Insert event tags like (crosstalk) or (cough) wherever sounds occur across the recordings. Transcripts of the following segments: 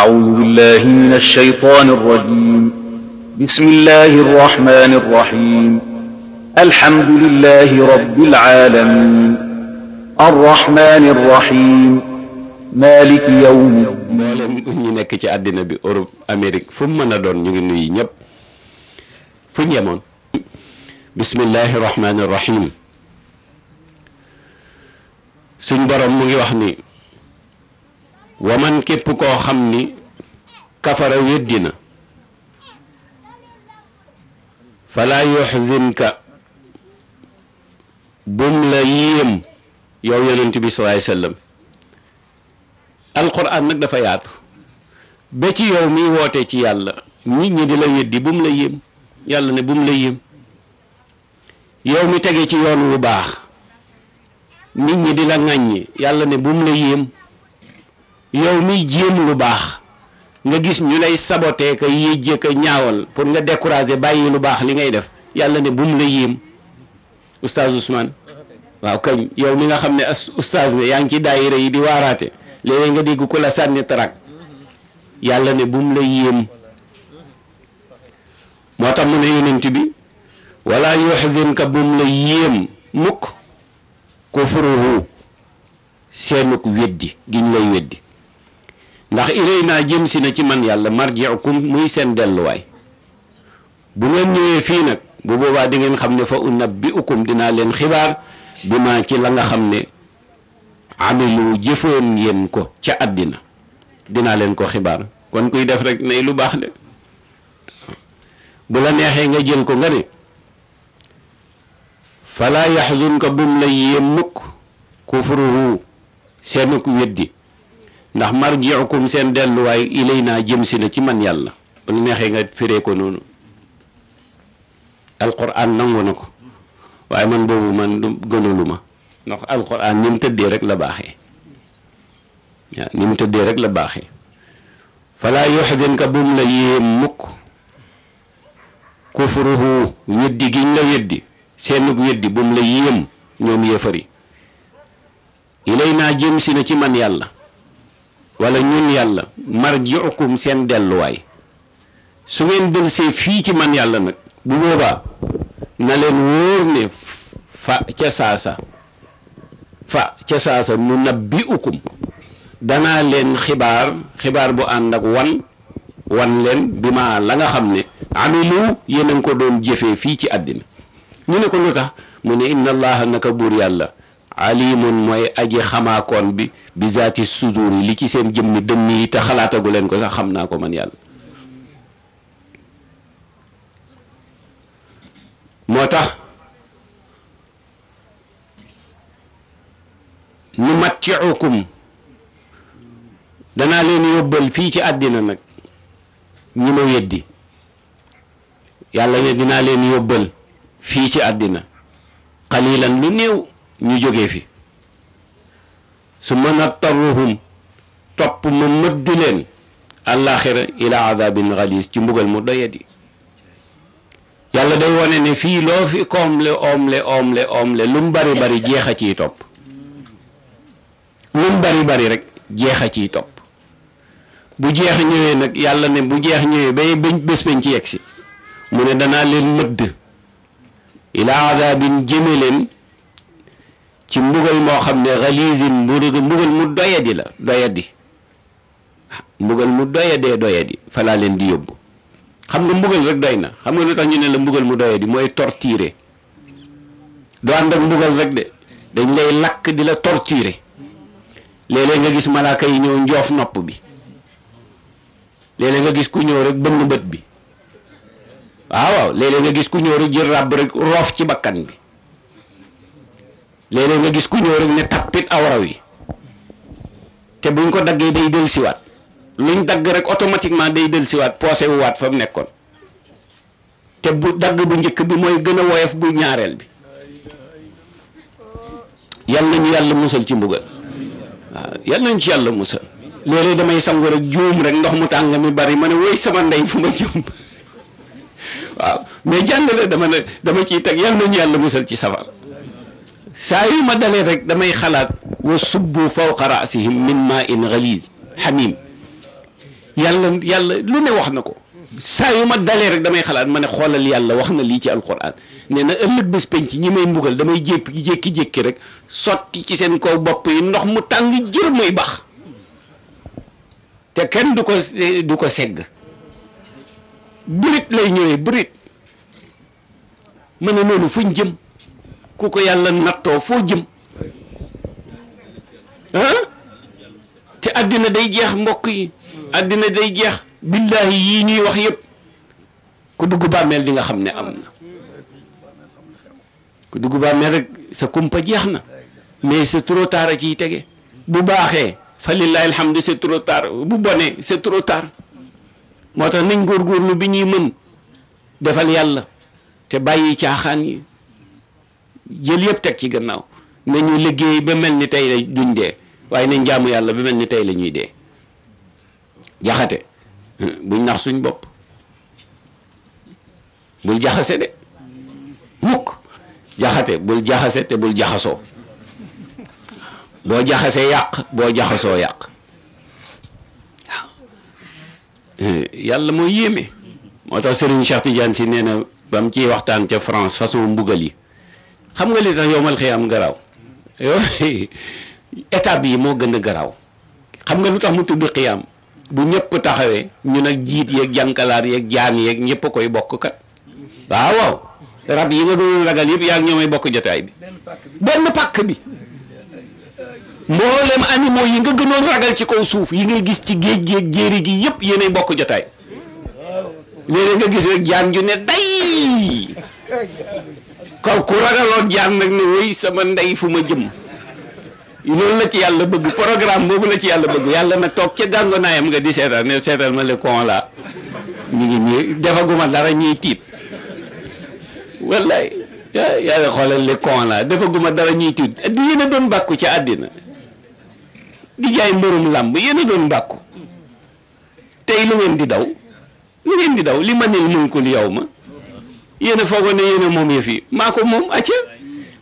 أعوذ بالله من الشيطان الرجيم بسم الله الرحمن الرحيم الحمد لله رب العالمين الرحمن الرحيم مالك يوم الدين mboolem ñi nekk ci àddina bi Europe Amérique fu mu mën a doon ñu ngi nuyu ñëpp fu ñu yemoon bismillahi rahmani rahim suñ borom mu ngi wax ni wa képp koo xam ni kafara weddi na falaa yuxzinka bum la yéem yow yonent bi salaay sallam alquran nag dafa yaatu ba ci yow mi woote ci yàlla nit ñi di la weddi bum la yéem yàlla ne bum la yéem yow mi tege ci yoon wu baax nit ñi di la ŋàññi yàlla ne bum la yéem yow mi jéem lu baax nga gis ñu lay saboté ka yéjje ka ñaawal pour nga décourager bàyyi lu baax li ngay def yàlla ne bu mu la yéem oustaz Ousmane mi nga xam ne oustaz yaa ngi ci daayira yi di waaraate nga dégg ku la sànni tarak yàlla ne bu la yéem moo tax mu ne yonent bi wala yuhzinka bu mu la yéem mukk kufruhu seenuk weddi giñ lay weddi ndax ilay naa jëm si na ci man yàlla marji'ukum muy seen delluwaay bu ngeen ñëwee fii nag bu boobaa di ngeen xam ne fa unabbi'ukum dinaa leen xibaar bi maa ci la nga xam ne amilu jëfoon ngeen ko ca àddina dinaa leen ko xibaar kon kuy def rek nay lu baax de bu la neexee nga jël ko nga ne falaa yaxzunka bum la yéem mukk kufruhu seenuk weddi ndax marjiukum seen waaye ilay naa jëm si na ci man yàlla ba neexee nga firee ko noonu alquran nangu na ko waaye man boobu man du ma ndax alquran ni mu tëddee rek la baaxee waaw tëddee rek la baaxe falaa yuxzunka bu mu la yéem mukk kufruhu weddi giñ la weddi seenug weddi bu mu la yéem ñoom yéefari ilay naa jëm si na ci man yàlla wala ñun yàlla marjiukum seen delluwaay su ngeen dëlsee fii ci man yàlla nag bu boobaa na leen wóor ne fa ca saasa fa ca saasa nu nabbiukum danaa leen xibaar xibaar bu ànd ak wan wan leen bi ma la nga xam ne amilu yéen a ngi ko doon jëfee fii ci àddina ñu ne ko lu tax mu ne inna allaha naka buur yàlla alimun mooy aji xamaakoon bi bi zaati sudur yi li ci seen jëmmi dënn yi te xalaatagu leen ko sax xam naa ko man yàlla moo tax nu mattiukum danaa leen yóbbal fii ci àddina nag ñi ma weddi yàlla ne dinaa leen yóbbal fii ci àddina qalilan lu néew ñu jógee fi su ma nattarruhum topp ma mëddi leen àllaaxira ila adabin xalis ci mbugal mu doyadi yàlla day wane ne fii loo fi koomle oomle oomle oomle lu mu bari bari jeex a ciy topp lu bari bari rek jeex a ciy topp bu jeex ñëwee nag yàlla ne bu jeex ñëwee bay bés bañ ci yegg si mu ne danaa leen mëdd ila adabin jëme leen ci mbugal moo xam ne xaliisin mbugal mu doyadi la doyadi mbugal mu doyadee doyadi falaa leen di yóbbu xam nga mbugal rek doy na xam nga lu tax ñu ne la mbugal mu doyadi mooy torturer doo ànd nag mbugal rek de dañ lay lakk di la torturer léeg-léeg nga gis malaaka yi ñëw njoof nopp bi léeg nga gis ku ñëw rek bënn bët bi waaw waaw léeg nga gis ku ñëw rek jël ràbb rek roof ci bakkan bi léeg nga gis ku ñëw rek ne tappit awraw yi te buñ ko daggee day del siwaat luñ dagg rek automatiquement day del siwaat poosé wu waat fa mu nekkoon te bu dagg bu njëkk bi mooy gën a woyof bu ñaareel bi yal nañu yàlla musal ci mbugal waaw yal nañ ci yàlla musal léeg-léeg damay sangu rek ndox mu tàng mi bari ma ne wéy sama ndey fu ma jëm (laughs) dama ne dama teg yal nañu yàlla musal ci safar saa yu ma dalee rek damay xalaat wa subbu fawqa rasihim min ma in galiz xamim yàlla yàlla lu ne wax na ko saa yu ma dalee rek damay xalaat ma ne xoolal yàlla wax na lii ci alquran nee na ëllëg bés penc ñi may mbugal damay jépp jékki-jékki rek sotti ci seen kaw bopp yi ndox mu tàng jër muy bax te kenn du ko du ko segg burit lay ñëwee burit ma ne noonu fuñ jëm ku ko yàlla nattoo foo jëm te àddina day jeex mbokk yi àddina day jeex billaahi yii ñuy wax yëpp ku dugg bàmmeel di nga xam ne am na ku dugg bàmmeel rek sa kumpa jeex na mais c'est trop a ciy tege bu baaxee fa lillahi alhamdu c'est trop tard bu bonee c'est trop moo tax nañ góorgóorlu bi ñuy mën defal yàlla te bàyyi caaxaan yi jël yëpp teg ci gannaaw nañu liggéey ba mel ni tey la duñ dee waaye nañ jaamu yàlla ba mel ni tey la ñuy dee jaxate (laughs) buñ nax suñ bopp bul jaxase de mukk jaxate bul jaxase te bul jaxasoo boo jaxasee yàq boo jaxasoo yàq waaw eh, yàlla mooy yéeme moo tax Serigne chartijan Tidiane si nee na ba mu waxtaan ca France façon mbugal yi xam nga li tax yowmal xiyaam garaaw yow (laughs) étape yi moo gën a garaaw xam nga lu tax mu tudd xiyaam bu ñëpp taxawee ñu nag jiit yeeg jànkalaar yeeg jaan yeeg ñëpp koy bokk kat waaw waaw rab yi nga doon ragal yëpp yaa ngi bokk jotaay bi benn pàkk bi mboolem animaux yi nga gënoon ragal ci kaw suuf yi ngay gis ci géej géej jéeri gi yëpp yenee bokk jotaay léeg nga gis rek jaan ju ne day (laughs) kaw ku ragaloon jaar nag ne wéy sama ndey fu ma jëm loolu la ci yàlla bëgg programme boobu la ci yàlla bëgg yàlla nag toog ci gàngo naayam nga di seetaan ne seetaan ma le con la defaguma dara ñuy tiit wallaay yàlla xoolal le defaguma dara ñuy tiit di a doon bàkku ci àddina di jaay mbërum làmb yéen a doon bàkku tey lu ngeen di daw lu ngeen di daw li manil mun ko yow ma yéen a foogoon ne yéen moom yëf yi maa ko moom acca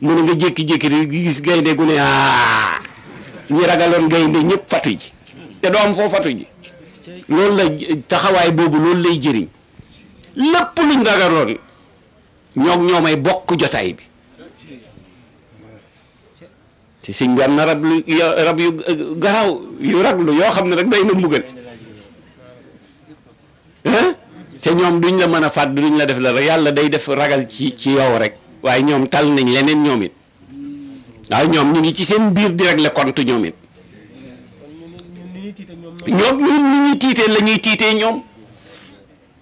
mu nga jékki-jékki di gis gaynde gu ne ah ñi ragaloon gaynde ñëpp fatu ji te doo am foo fatu ji loolu la taxawaay boobu loolu lay jëriñ lépp luñ ragaloon ñoog ñoomay bokk jotaay bi te sëñ bi am na rab lu rab yu garaaw yu raglu yoo xam ne rek day na mbugal te ñoom duñ la mën a fàdd duñ la def la yàlla day def ragal ci ci yow rek waaye ñoom tal nañ leneen ñoomit it waaw ñoom ñu ngi ci seen biir di régler compte ñoom ñoom ñun ñu ñuy tiitee la tiitee ñoom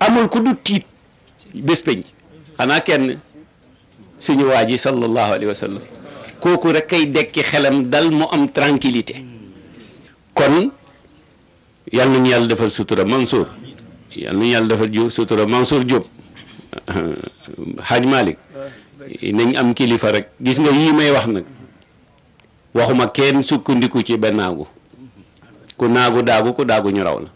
amul ku du tiit bés peñ xanaa kenn suñu waa ji sallallahu alayhi wa sallam kooku rek kay dekki xelam dal mu am tranquillité kon yàlla nañu yàlla defal sutura Mansour yal nañu yàlla dafa ju sutura Mansour Diop Hadj Malick nañ am kilifa rek gis nga yii may wax nag waxuma kenn sukkandiku ci ba naagu ku naagu daagu ku daagu ñu raw la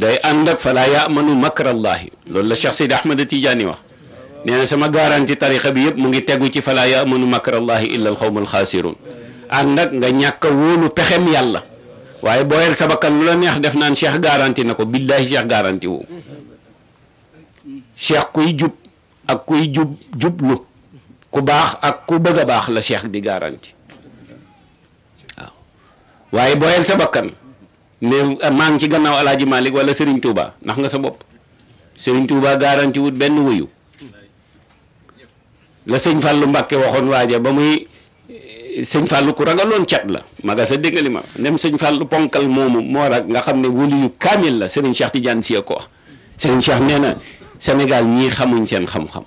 day ànd ak falaa yaamanu makrallahi loolu la Cheikh Sidi Ahmed Tidiane wax nee na sama garanti tarixa bi yëpp mu ngi tegu ci falaa yaamanu makrallahi illa al xawm al xaasirun ànd ak nga ñàkk a wóolu pexem yàlla waaye booyal sa bakkan lu la neex def naan seex garanti na ko billaahi cheikh garanti wu kuy jub ak kuy jub jublu ku baax ak ku bëgg a baax la cheikh di garanti waaw waaye booyal sa bakkan ne maa ngi ci gannaaw alaaji Malick wala Serigne Touba ndax nga sa bopp Serigne Touba garanti benn wuyu la sëñ Fallou Mbacke waxoon waaja ba muy sëñ Fallou ku ragaloon cat la maga sa dégg nga ma nem sëñ Fallou ponkal moomu moo rag nga xam ne wólu yu kaamil la Serigne Cheikh Tidiane Sy ko wax Serigne Cheikh nee na Sénégal ñii xamuñ seen xam-xam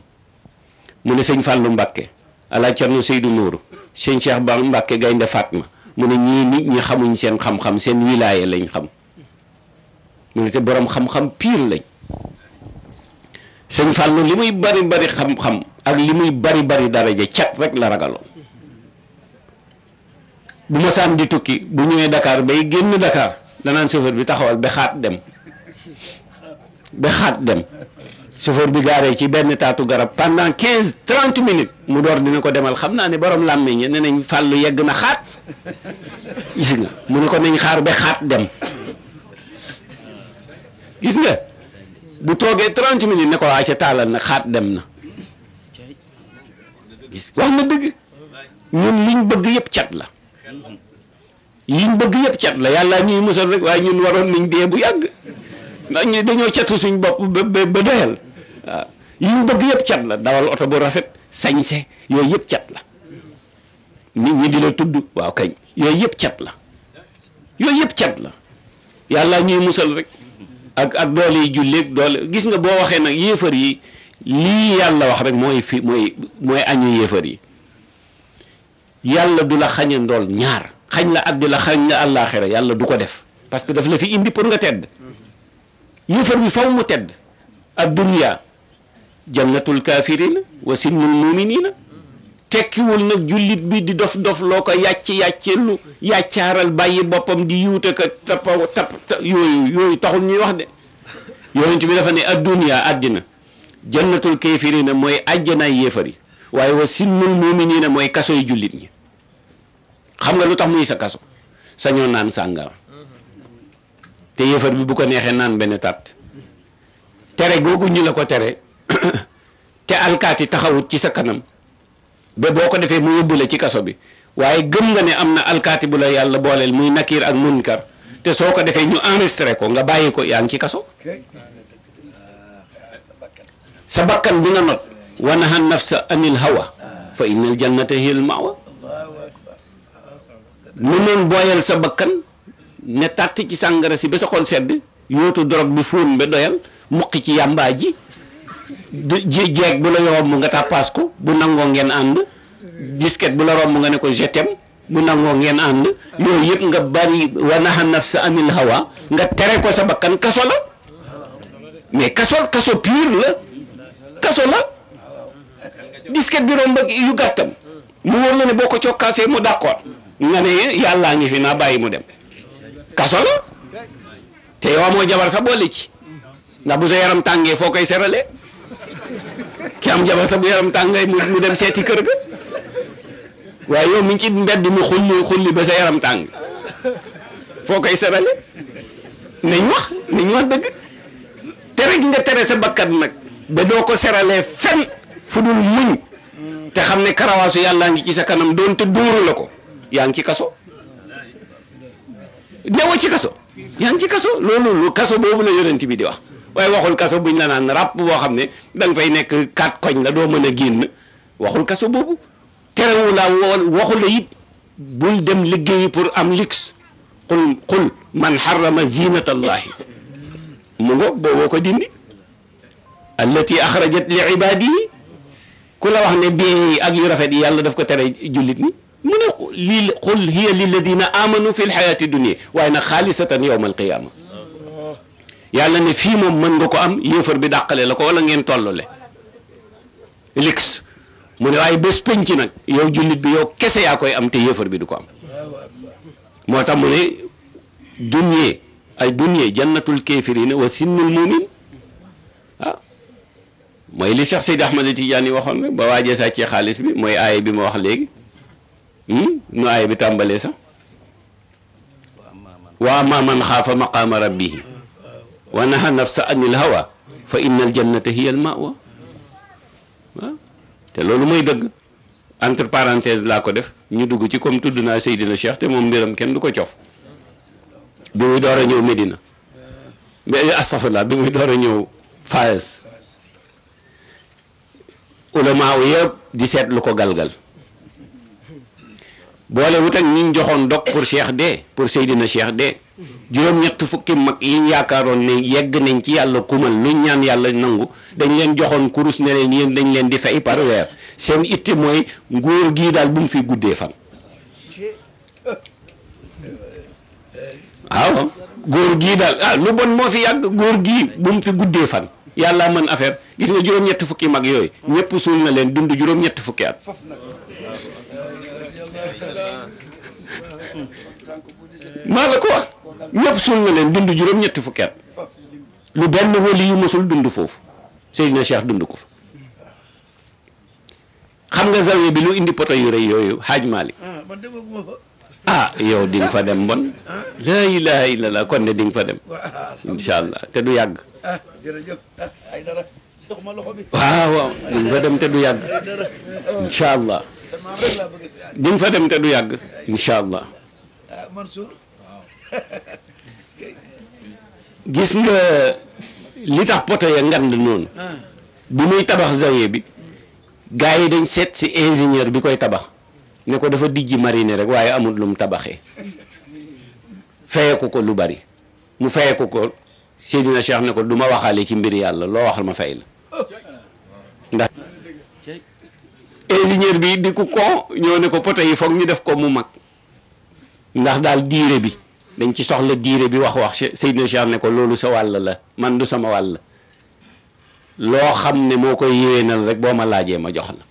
mu ne sëñ Fallou Mbacke ala Cerno Seydou Nourou sëñ Cheikh Ba Mbacke Gaynde Fatma mu ne ñii seen xam seen wilaya lañ xam mu ne te borom xam-xam pire lañ sëñ Fallou li muy bari bari xam-xam ak li muy bari bari daraja cat rek la ragaloon bu ma di tukki bu ñëwee dakaar bay génn Dakar danaan chauffeur bi taxawal ba xaat dem ba xaat dem chauffeur bi gaaree ci benn taatu garab pendant quinze trente minutes mu door dina ko demal xam naa ni borom làmmiñ ñi ne nañ fàllu yegg na xaat gis nga mu ne ko nañ xaar ba xaat dem gis nga bu toogee trent minutes ne ko waa ca taalal na xaat dem na gis wax na dëgg ñun liñ bëgg yëpp cat la yiñ bëgg yëpp cat la yàlla ñuy musal rek waaye ñun waroon nañ dee bu yàgg ndax ñu dañoo catu suñ bopp ba ba doyal waaw yiñ bëgg yëpp cat la dawal oto bu rafet sañse yooyu yëpp cat la nit ñi di la tudd waaw yooyu yëpp cat la yooyu yëpp cat la yàlla ñuy musal rek ak ak doole yi julleeg doole gis nga boo waxee nag yéefar yi lii yàlla wax rek mooy fi mooy añu yéefar yi yàlla du la xañ ndool ñaar xañ la àddina xañ la àllaaxira yàlla du ko def parce que daf la fi indi pour nga tedd yëfar bi faw mu tedd ak dunya jannatul kaafirina wa sinnul muminina tekkiwul nag jullit bi di dof dof loo ko yàcc yàcceelu yàccaaral bàyyi boppam di yuute ko tappa tapp yooyu yooyu taxul ñuy wax de yonent bi dafa ne addunya àddina jannatul kaafirina mooy àjjanaay yéefar waaye wa sinnul muminina mooy kaso yu jullit ñi xam nga lu tax muy sa kaso sañoo naan sàngara te yëfar bi bu ko neexee naan benn tàtt tere googu ñu la ko tere (coughs) te alkaati taxawut ci sa kanam ba boo ko defee mu yóbbu ci kaso bi waaye gëm nga ne am na alkaati bu la yàlla booleel muy nakir ak munkar te soo ko defee ñu enristre ko nga bàyyi ko yaa ngi ci kaso sa bakkan dina not wa naha nafsa anil hawa fa innal jannata hiyal mawa mu noon booyal sa bakkan ne tàtt ci sàngara si ba sa xol sedd yootu dorog bi fóon ba doyal muqi ci yàmbaa ji ji jeeg bu la yomb nga tàppaas ko bu nangoo ngeen ànd disket bu la romb nga ne ko jetem bu nangoo ngeen ànd yooyu yëpp nga bari wa naha nafsa anil hawa nga tere ko sa bakkan kaso la mais kaso kaso pur la kaso la disket bi romb yu gàttam mu wóor na ne boo ko cokkaasee mu d'accord nga ne yàllaa ngi fi naa bàyyi mu dem kaso te yow amoo jabar sa boole ci ndax bu sa yaram tàngee foo koy serale ki am jabar sa bu yaram mu dem seeti kër ga waaye yow mi ci mbedd mi xulli ba sa yaram tàng foo koy serale nañ wax nañ wax dëgg tere gi nga tere sa bakkat nag ba doo ko seralee fen fu dul muñ te xam ne karawaasu yàllaa ngi ci sa kanam doonte dóoru la ko yaa ngi ci kaso newoo ci kaso yaa ngi ci kaso loolu lu kaso boobu la yonent bi di wax waaye waxul kaso buñ la naan ràpp boo xam ne da fay nekk kat koñ la doo mën a génn waxul kaso boobu terewu laa waxul la it bul dem liggéeyi pour am luxe qul man xarama zinata allahi mu ngo booboo ko dindi allati axrajat li ibadihi ku la wax ne bien ak yu rafet yi yàlla daf ko tere jullit ni mu ne lii qul hiya lilladina amanu fi lxayaati dunia waaye nag xaalisatan yowma alqiyaama yàlla ne fii moom mën nga ko am yéefar bi dàqale la ko wala ngeen tollale lix mu ne ay bés nag yow jullit bi yow kese yaa koy am te yéefar bi du ko am moo tax mu ne ay dunyee jannatul kaafiriina wa sinnul muumin mooy li Cheikh Seydi Ahmad Tidiane waxoon rek ba waajee sàccee xaalis bi mooy aaya bi ma wax léegi hmm? nu aaya bi tàmbalee sax wa ammaa man xaafa maqaama rabbihi wa naha nafsa anil hawa fa innal jannata hiya al te loolu mooy dëgg entre parenthèse laa ko def ñu dugg ci comme tudd naa Seydina Cheikh te moom mbiram kenn du ko cof bi muy door a ñëw Medina mais astafurlah bi muy door a ñëw Faes ulamaa yëpp di seet lu ko galgal boole wut ak ñu joxoon dog pour Cheikh de pour na Cheikh de juróom-ñett fukki mag yiñ yaakaaroon ne yegg nañ ci yàlla kumal luñ ñaan yàlla nangu dañ leen joxoon kurus ne leen yéen dañ leen di fay par weer seen itti mooy nguur gii daal bu mu fi guddee fan waaw góor gii daal ah, lu bon moo fi yàgg góor gii bu mu fi guddee fan yàlla man affaire gis nga juróom-ñetti fukki mag yooyu ñëpp suul na leen dund juróom-ñetti fukki at maa la ko wax ñëpp suul na leen dund juróom-ñetti fukki at lu benn wali yu mosul dund foofu Seydina Cheikh dund ko fa xam nga zawiya bi lu indi poto yu rëy yooyu Haaj Malik ah, ah yow di fa dem mbon la ilaha illallah kon ne di fa dem incha te du yàgg ah, jërëjëf ay dara fa dem te du yàgg incha allah di fa dem te du yàgg incha allah ah, Mansour gis nga li tax poto ya ngand noonu ah. bi muy tabax zawiya bi gars yi dañ seet si ingénieur bi koy tabax ne ko dafa dijj marine rek waaye amul lu mu tabaxee fayeku ko lu bari mu fayeku ko Seydina Cheikh ne ko du ma waxaale ci mbir yàlla loo waxal ma fay la ndax ingénieur bi di ku ko ñoo ne ko poto yi foog ñu def ko mu mag ndax daal diire bi dañ ci soxla diire bi wax wax Seydina Cheikh ne ko loolu sa wàll la man du sama wàll loo xam ne moo koy yéwénal rek boo ma laajee ma jox la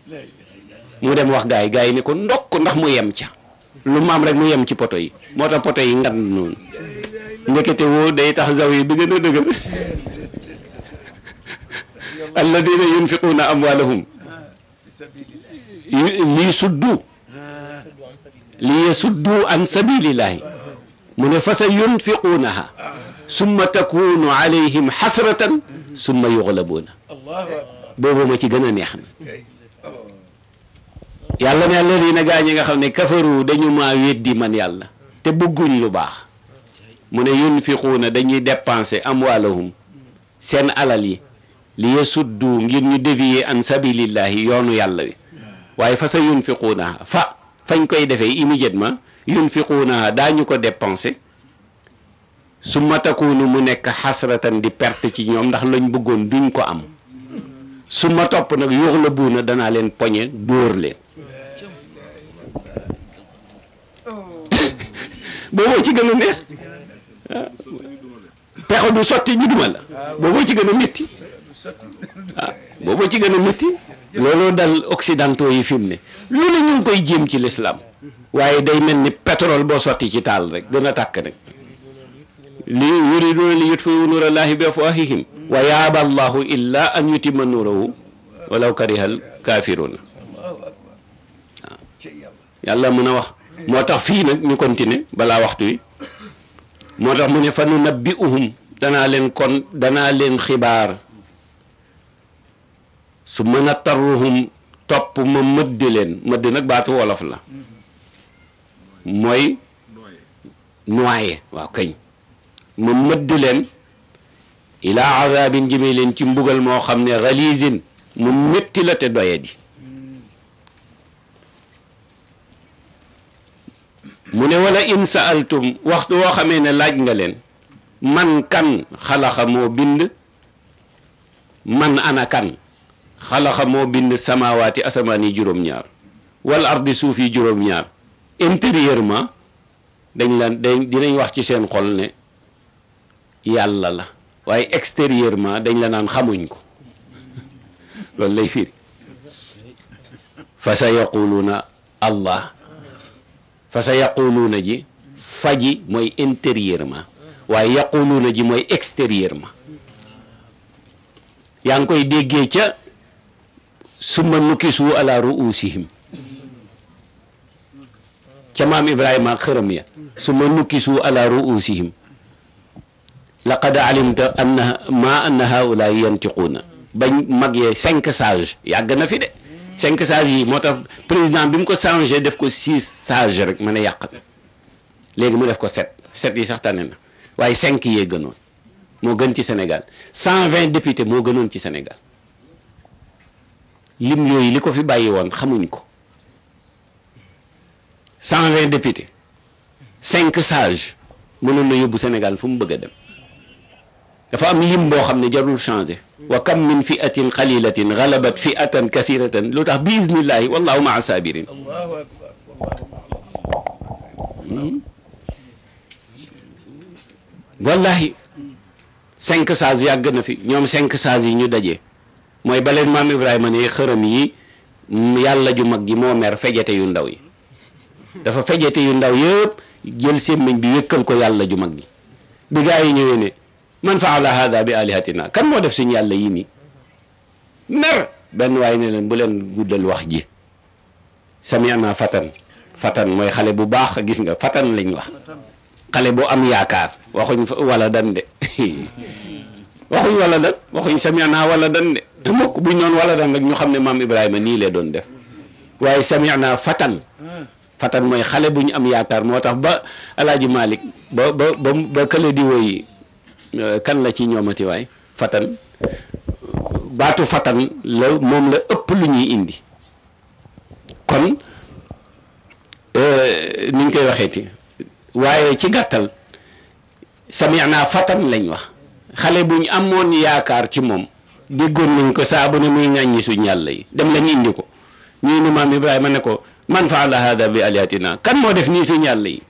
mu dem wax gaa yi gaa yi ni ko ndokk ndax mu yem ca lu mam rek mu yem ci poto yi moo tax poto yi ngan noonu ndekete woo day tax zaw yi bi gën a dëgër (laughs) alladina yunfiquuna amwaalahum lii suddu lii suddu an sabilillahi mu ne fa sa yunfiquunaha summa takunu alayhim xasratan summa yuxlabuuna boobu ma ci gën a neex na yàlla ne alladina gaa ñi nga xam ne kafaru dañu maa weddi man yàlla te bëgguñ lu baax mu ne na dañuy dépenser amwaalahum seen alal yi li yasuddu ngir ñu dévier an sabilillahi yoonu yàlla wi waaye fa sa yunfiquunaha fa fañ koy defee immédiatement yunfiquunaha daañu ko dépenser su ma takuunu mu nekk xasratan di perte ci ñoom ndax lañ bëggoon duñ ko am su ma topp nag yuxlabuuna danaa leen poñe dóor leen booboo ci gën a neex pexe du sotti ñu duma la booboo ci gën a metti ah booboo ci gën a métti looloo dal occidentaux yi fi mu ne lu ne ñu ngi koy jéem ci lislaam waaye day mel ni pétrole boo sotti ci taal rek gën a tàkk rek li yuriduna li yutfiu nuurallaahi bi afwaahihim wa yaaba allahu illa an yutima nuurahu walaw karihal kaafiruuna yàlla mën a wax moo tax fii nag ñu continuer balaa waxtu wi moo tax mu ne fa nu nabbi uhum danaa leen kon dana leen xibaar su mën a tarruhum topp ma mëdd leen mëdd nag baatu wolof la mooy noyé waaw kañ ma mëdd leen ilaa azabin jëmee leen ci mbugal moo xam ne ghalizin mu métti la te doye mu ne wala in saaltum waxtu woo xamee ne laaj nga leen man kan xalaxa moo bind man ana kan xalaxa moo bind samawaati asamaan yi juróom-ñaar wal ardi suuf yi juróom-ñaar intérieurement dañ la dañ dinañ wax ci seen xol ne yàlla la waaye extérieurement dañ la naan xamuñ ko loolu lay firi fa sa yaquluuna allah fa sa yaquluuna ji faji mooy intérieurement waaye yaquluuna ji mooy extérieurement yaa ngi koy déggee ca summa nukisu ala ruusihim ca maam Ibrahima ak xërëm ya summa nukisu ala ruusihim laqad alimta anna ma anna haula yantiquuna bañ mag yee cinq sages yàgg na fi de cinq sages yi moo tax président bi mu ko changé def ko six sages rek mën a yàq léegi mu def ko sept sept yi sax tane na waaye cinq yee gënoon moo gën ci Sénégal cent vingt députés moo gënoon ci senegal lim yooyu li ko fi bàyyi woon xamuñ ko cent vingt députés cinq sages mënoon na yóbbu Sénégal fu mu bëgg a dem. dafa am lim boo xam ne jarul changé wa kam min fiatin qalilatin galabat fiatan kasiratan lu tax bi iznillahi wallahu maa sabirin wallahi cinq sages yàgg na fi ñoom cinq sages yi ñu daje mooy baleen maam ibrahima ne xërëm yi yàlla ju mag ji moo mer fejete yu ndaw yi dafa fejete yu ndaw yëpp jël sémmiñ bi wékkal ko yàlla ju mag ji bi gaa yi ñëwee ne man faala hada bi kan moo def si yàlla yii nii mer benn waaye ne leen bu leen guddal wax ji samiana fatan fatan mooy xale bu baax a gis nga fatan lañ wax xale bu am yaakaar waxuñ wala dan de (laughs) waxuñ wala dan waxuñ samiana wala dan de buñ noon wala dan rek xam ne maam Ibrahima nii lee doon def waaye samiana fatan fatan mooy xale bu ñu am yaakaar moo tax ba alaaji Malik ba ba di woy Euh, kan la ci ñoomati waay fatan baatu fatan la moom la ëpp lu ñuy indi kon euh, ni ñu koy waxeeti waaye ci gàttal sami'naa fatan lañ wax xale bu ñu amoon yaakaar ci moom déggoon nañ ko saa bu ne muy ŋàññi suñ yàlla yi dem lañ indi ko ñuy ne maam Ibrahima ne ko man faala hada bi aliatina kan moo def nii suñ yàlla yi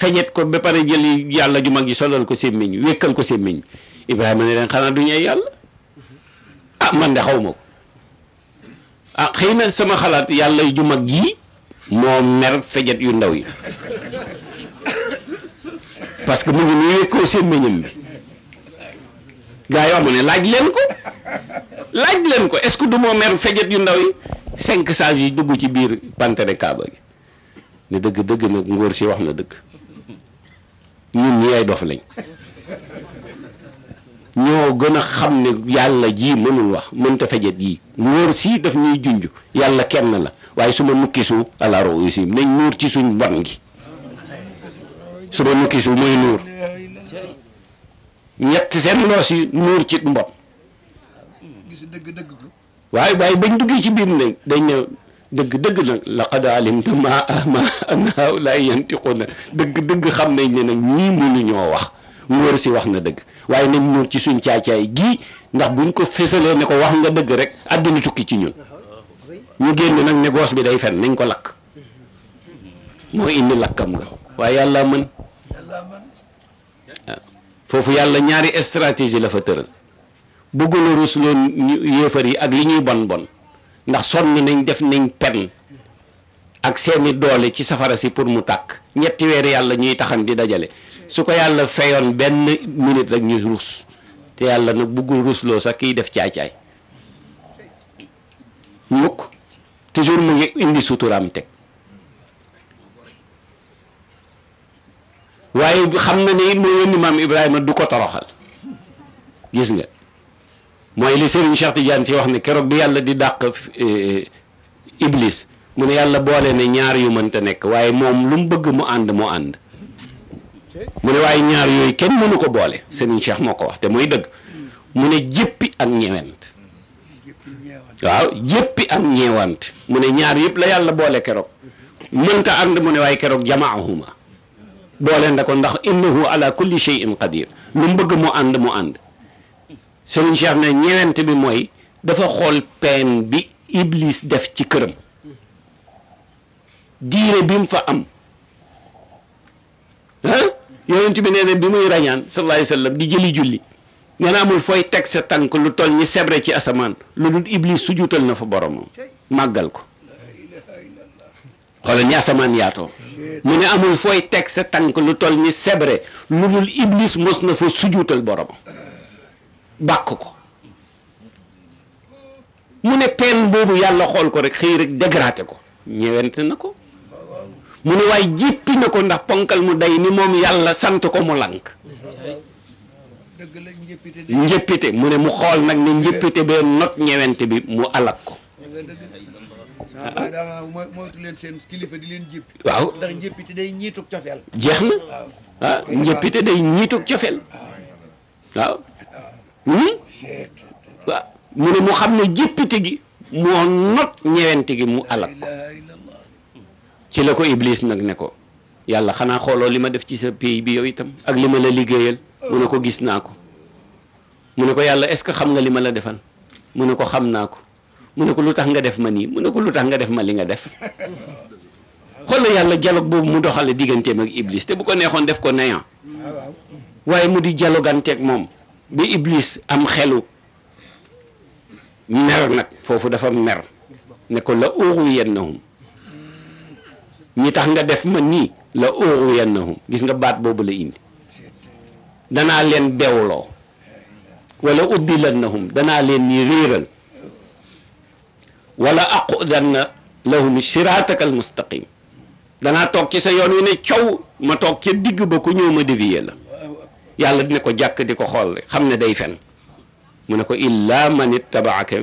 feñet ko ba pare jël yàlla ju mag ji solal ko sémmiñ wékkal ko sémmiñ Ibrahima ne leen xanaa du ñu ay yàlla ah man de xaw ma ko ah xëy na sama xalaat yàlla ju mag ji moo mer fejet yu ndaw yi que mu ngi nu wékkoo sémmiñam bi laaj leen ko leen ko est-ce que du moo yu ndaw yi cinq sages yi dugg ci biir pantere Kaaba gi ne dëgg dëgg nag ngóor si wax na dëgg ñun ñi ay dof lañ ñoo gën a xam ne yàlla ji mënul wax mënta fejet yii ngóor sii daf ñuy junj yàlla kenn la waaye su ma nukki su alaaro aussi nañ nuur ci suñ bon gi su ma nukki mooy nuur ñett seen loos yi nuur ci mbon waaye waaye bañ duggee ci biir nañ dañ ne dëgg dëgg nag laqad alimta ma ma an haulaay yantiquna dëgg dëgg xam nañ ne nag ñii mënuñoo wax ngóor si wax na dëgg waaye nañ muur ci suñ caacaay gii ndax buñ ko fésalee ne ko wax nga dëgg rek àddina tukki ci ñun ñu génn nag ne goos bi day fen nañ ko lakk moo indi lakkam nga waaye yàlla mën ah. foofu yàlla ñaari stratégie la fa tëral bëggula rusloo yéefar yi ak li ñuy bon bon ndax sonni nañ def nañ pen ak seeni doole ci safara si pour mu tàkk ñetti weer yàlla ñuy taxan di dajale su ko yàlla fayoon benn minute rek ñuy ruus te yàlla na buggul ruusloo sax kiy def caay-caay mukk toujours mu ngi indi suturaam teg waaye xam na ni moo yónni maam Ibrahima du ko toroxal gis nga mooy li Serigne Cheikh Tidiane si wax ne keroog bi yàlla di dàq eh, eh, iblis mu ne yàlla boole ne ñaar yu mënta nekk waaye moom lu mu bëgg mu ànd mu ànd mu ne waaye ñaar yooyu kenn mënu ko boole Serigne Cheikh moo ko wax te mooy dëgg mu ne jéppi ak ñeewant waaw jéppi ak ñeewant mu ne ñaar yëpp la yàlla boole keroog mënta ànd mu ne waaye keroog jamaahuma boole nda ko ndax innahu ala kulli shay'in qadir lu mu bëgg mu ànd mu ànd Serigne Cheikh ne ñewent bi mooy dafa xool peen bi Iblis def ci këram diire bi mu fa am ah yonent bi nee bi muy rañaan sallallahu alayhi wa di jëli julli nee amul fooy teg sa tànk lu toll ni sebre ci asamaan lu dul Iblis sujuutal na fa boromam màggal ko xoolal ni asamaan mu ne amul fooy teg sa tànk lu toll ni sebre lu dul Iblis mos na fa sujuutal boromam. bàkk ko mu ne peen boobu yàlla xool ko rek xëy rek dégraté ko ñëwente na ko mu ne waaye jéppi na ko ndax ponkal mu day ni moom yàlla sant ko mu lank njëppite mu ne mu xool nag ne njëppite bee not ñëwente bi mu alak ko seen kilifa di leen jéppi ndax njëppite day ñiitug cofeel jeex na ah njëppite day ñiitug cofeel waaw waaw hmm? ah, mu ne mu xam ne jéppite gi moo not ñewente gi mu alak ko ci la ko Iblis nag ne ko yàlla xanaa xooloo li ma def ci sa pays bi yow itam ak li ma la liggéeyal mu ne ko gis naa ko mu ne ko yàlla est-ce que xam nga li ma la defal mu ne ko xam naa ko mu ne ko lu tax nga def ma nii mu ne ko lu tax nga def ma li nga def (laughs) xool yàlla dialogue boobu mu doxale digganteem ak Iblis te bu ko neexoon def ko néant waaye mu di dialoganteeg moom bi iblis am xelu mer nag foofu dafa mer ne ko la ughwiyannahum ñi tax nga def ma nii la ughwiyannahum gis nga baat boobu la indi danaa leen bewloo wala uddilannahum danaa leen ni réeral wala aqudanna lahum siraataka al mustaqim danaa toog ci sa yoon wi ne coow ma toog ca digg ba ku ñëw ma dévier la yàlla dina ko jàkk di ko xool xam ne day fen mu ne ko illa man ittabaaka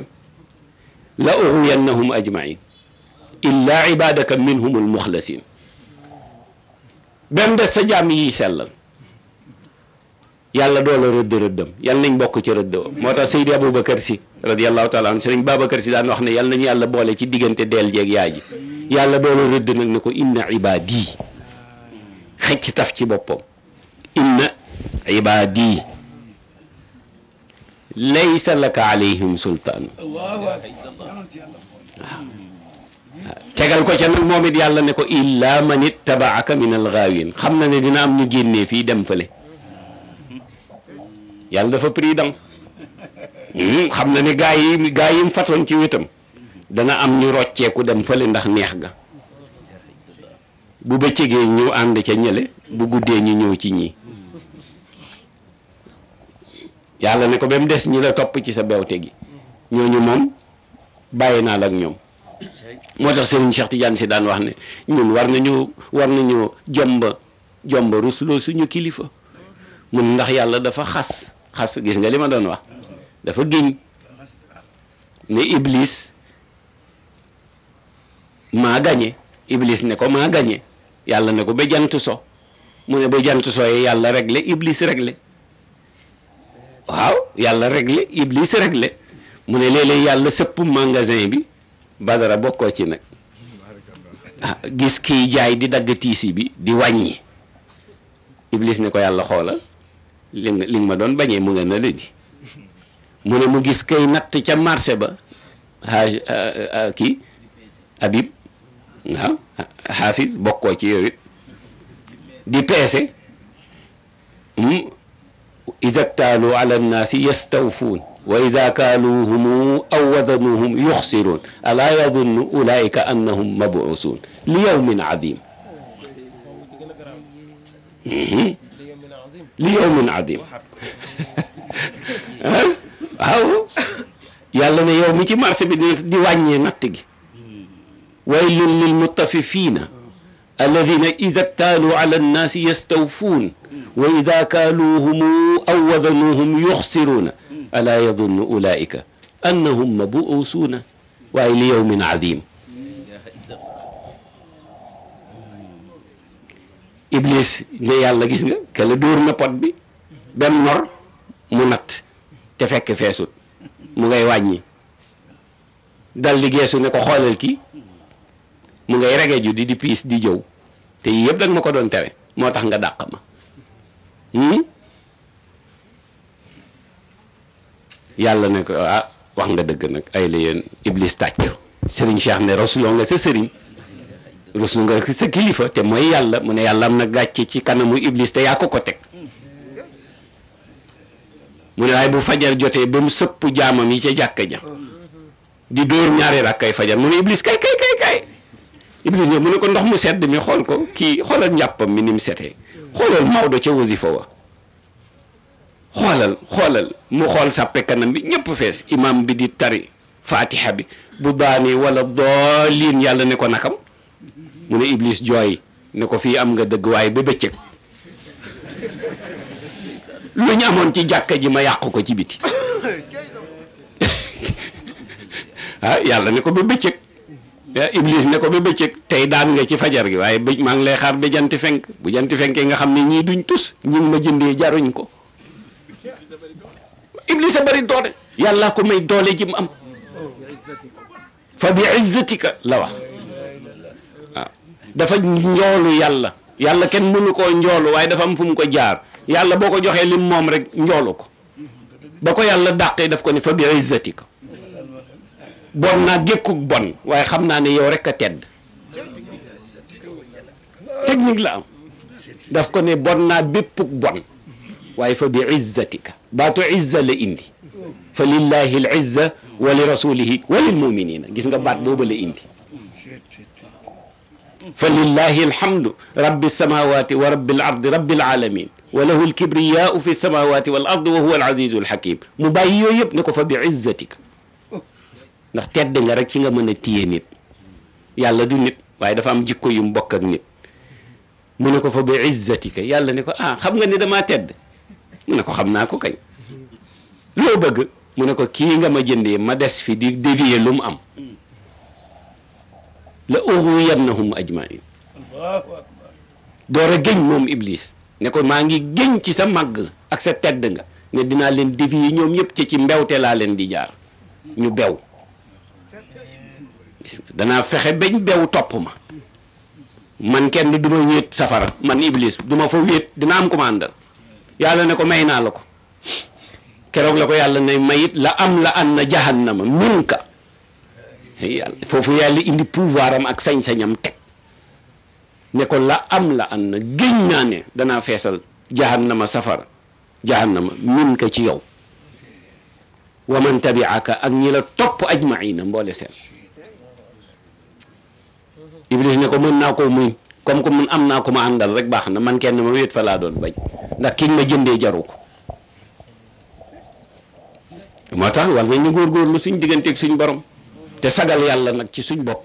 la ughwiyannahum ajmain illa ibadaka minhum almuxlasin benn des sa jaam yi sellal yàlla doo la rëdd rëddam yàlla nañ bokk ci rëdd moo tax Seydi Aboubacar si radiyallahu taala an sëriñ Babacar si daan wax ne yàlla nañu yàlla boole ci diggante del jeeg yaay ji yàlla doo la rëdd ne ko inna ibaadi xëcc taf ci boppam ibaadi laysa laka alayhim sultaan waaw tegal ko ca nag moom it yàlla ne ko illa man ittabaaka min alxaawin xam na ne dina am ñu génnee fii dem fële yàlla dafa prudent xam na ne gaa yi gaa yi mu fatoon ci wetam dana am ñu rocceeku dem fële ndax neex ga bu bëccëgee ñu ànd ca ñële bu guddee ñu ñëw ci ñi yàlla ne ko ba mu des ñi la topp ci sa bewte gi ñooñu moom bàyyi naa la ak ñoom moo tax Serigne Cheikh Tidiane si daan wax ne ñun war nañu war nañu jomba jomba rusloo suñu kilifa mun ndax yàlla dafa xas xas gis nga li ma doon wax dafa giñ ne Iblis maa gañe Iblis ne ko maa gañe yàlla ne ko ba jant so mu ne ba jant sooyee yàlla réglé Iblis réglé waaw yàlla réglé iblis réglé mu ne léeg-léeg yàlla sëpp magasin bi badara bokkoo ci nag ah, gis kiy jaay di dagg tiisi bi di waññi iblis ne ko yàlla xoola li li ma doon bañee mu nga na la mu ne mu gis këy natt ca marché ba haj ah, ah, kii Habib waaw bokkoo ci yooyu di peese. Hmm? ida ktaaluu ala nnaasi yastawfuun wa ida kaaluuhum aw wazanuuhum yuxsiruun alaa yadunnu ulaa'ika annahum mabuusuun li yawmin aziim li yawmin aziim waaw yàlla ne yow mi ci marché bi di wàññee natt gi waylun lil mutafifiina alladina ida ktaaluu ala nnaasi yastawfuun wa ida kaaluuhum aw wadanuhum yuxsiruuna alaa yadunnu ulaika annahum mabuusuuna waaye li yawmin adim iblis ne yàlla gis nga kala dóor na pot bi bem nor mu nat te fekk feesut mu ngay wàññi dal di geesu ne ko xoolal kii mu ngay rege di di piis di jëw te yii yëpp dag ma ko doon tere moo tax nga dàq ma hmm? yàlla ne ko ah wax nga dëgg nag ay la yéen iblis tàcc sëriñ Cheikh ne rasuloo nga sa sëriñ rasul nga sa kilifa te mooy yàlla mu ne yàlla am na gàcce ci kanamu iblis te yaa ko ko teg mu ne waaye bu fajar jotee ba mu sëpp jaamam yi ca jàkka ja di dóor ñaari rakkay fajar mu ne iblis kay kay kay kay mu ne ko ndox mu sedd mi xool ko kii xoolal njàppam mi ni mu setee xoolal Maodo ca wasifa wa xoolal xoolal mu xool sàppe kanam bi ñëpp fees imam bi di tari fatiha bi bu daani wala dooliin yàlla ne ko nakam mu ne iblis jooy ne ko fii am nga dëgg waaye ba bëccëg lu amoon ci jàkka ji ma yàq ko ci biti (laughs) ah yàlla ne ko ba bëccëg eh, iblis ne ko ba tey daan nga ci fajar gi waaye bëj maa ngi lay xaar ba janti fenk bu janti fenkee nga xam ne ñii duñ tus ñi ma jëndee jaruñ ko Iblis a bari doole yàlla ko may doole ji mu am fa bi izzatika la wax waaw ah. dafa njoolu yàlla yàlla kenn mënu koo njoolu waaye dafa am fu mu ko jaar yàlla boo ko joxee lim moom rek njoolu ko ba ko yàlla dàqee daf ko ne fa bi izzatika bon naa gékkug bon waaye xam naa ne yow rek a tedd technique la am daf ko ne bon naa béppug bon waaye fa bi izzatika baatu izza la indi fa lillahi al izza wa li rasulihi wa lil muminina gis nga baat boobu la indi fa lillahi alhamdu rabbi samawati wa rabbi al ardi rabbi al alamin wa lahu al kibriyaau fi samawati wal ardi wa huwa al azizu al hakim mu bàyyi yooyu yëpp ne ko fa bi izzatika ndax tedd nga rek ci nga mën a téye nit yàlla du nit waaye dafa am jikko yu mbokk ak nit mu ne ko fa bi izzatika yàlla ne ko ah xam nga ni damaa tedd mu ne ko xam naa ko kañ loo bëgg mu ne ko kii nga ma jëndee ma des fi di dévier lu mu am la ughwiyannahum ajmain door a géñ moom iblis ne ko maa ngi géñ ci sa màgg ak sa tedd nga ne dinaa leen dévier ñoom yëpp ci ci mbewte laa leen di jaar ñu bew danaa fexe bañ bew topp ma man kenn du ma wéet safara man iblis du ma fa wéet dina am commandal yàlla ne ko may naa la ko keroog la ko yàlla ne mayit la am la an na jahannama minka yàlla foofu yàlla indi pouvoir am ak sañ-sañam teg ne ko la am la an na géñ naa ne danaa feesal jahannama safara jahannama minka ci yow wa man tabi'aka ak ñi la topp ajmaina mboole seen iblis ne ko mën naa koo comme que mun am naa ko ma àndal rek baax na man kenn ma wéet fa laa doon bañ ndax ki ma jëndee jaru ko moo tax war nañ ñu góor góorgóorlu suñ digganteeg suñ borom te sagal yàlla nag ci suñ bopp.